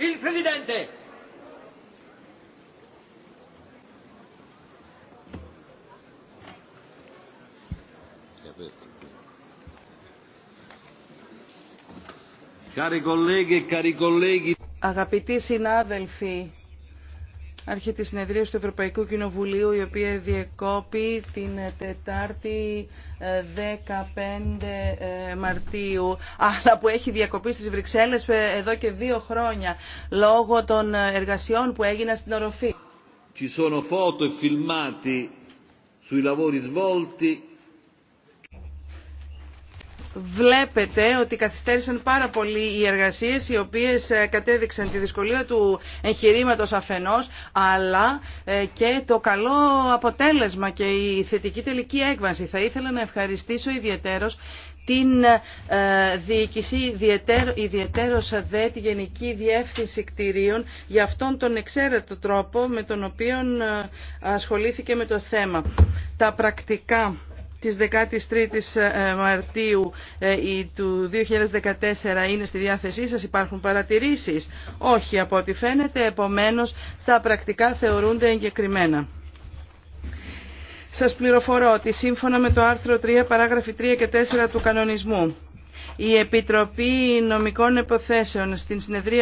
Il Presidente! Cari colleghi Αγαπητοί συνάδελφοι, αρχή της συνεδρίας του Ευρωπαϊκού Κοινοβουλίου η οποία διεκόπη την Τετάρτη 15 ε, ε, Μαρτίου αλλά που έχει διακοπεί στις Βρυξέλλες ε, εδώ και δύο χρόνια λόγω των εργασιών που έγιναν στην οροφή. Ci sono foto e filmati sui lavori svolti βλέπετε ότι καθυστέρησαν πάρα πολύ οι εργασίες οι οποίες ε, κατέδειξαν τη δυσκολία του εγχειρήματο αφενός αλλά ε, και το καλό αποτέλεσμα και η θετική τελική έκβαση. Θα ήθελα να ευχαριστήσω ιδιαίτερος την ε, διοίκηση, ιδιαίτερος δε τη Γενική Διεύθυνση Κτηρίων για αυτόν τον εξαίρετο τρόπο με τον οποίο ασχολήθηκε με το θέμα. Τα πρακτικά της 13ης ε, ε, Μαρτίου ε, του 2014 είναι στη διάθεσή σας, υπάρχουν παρατηρήσεις. Όχι από ό,τι φαίνεται, επομένως τα πρακτικά θεωρούνται εγκεκριμένα. Σας πληροφορώ ότι σύμφωνα με το άρθρο 3, παράγραφη 3 και 4 του κανονισμού, η Επιτροπή Νομικών Εποθέσεων στην συνεδρία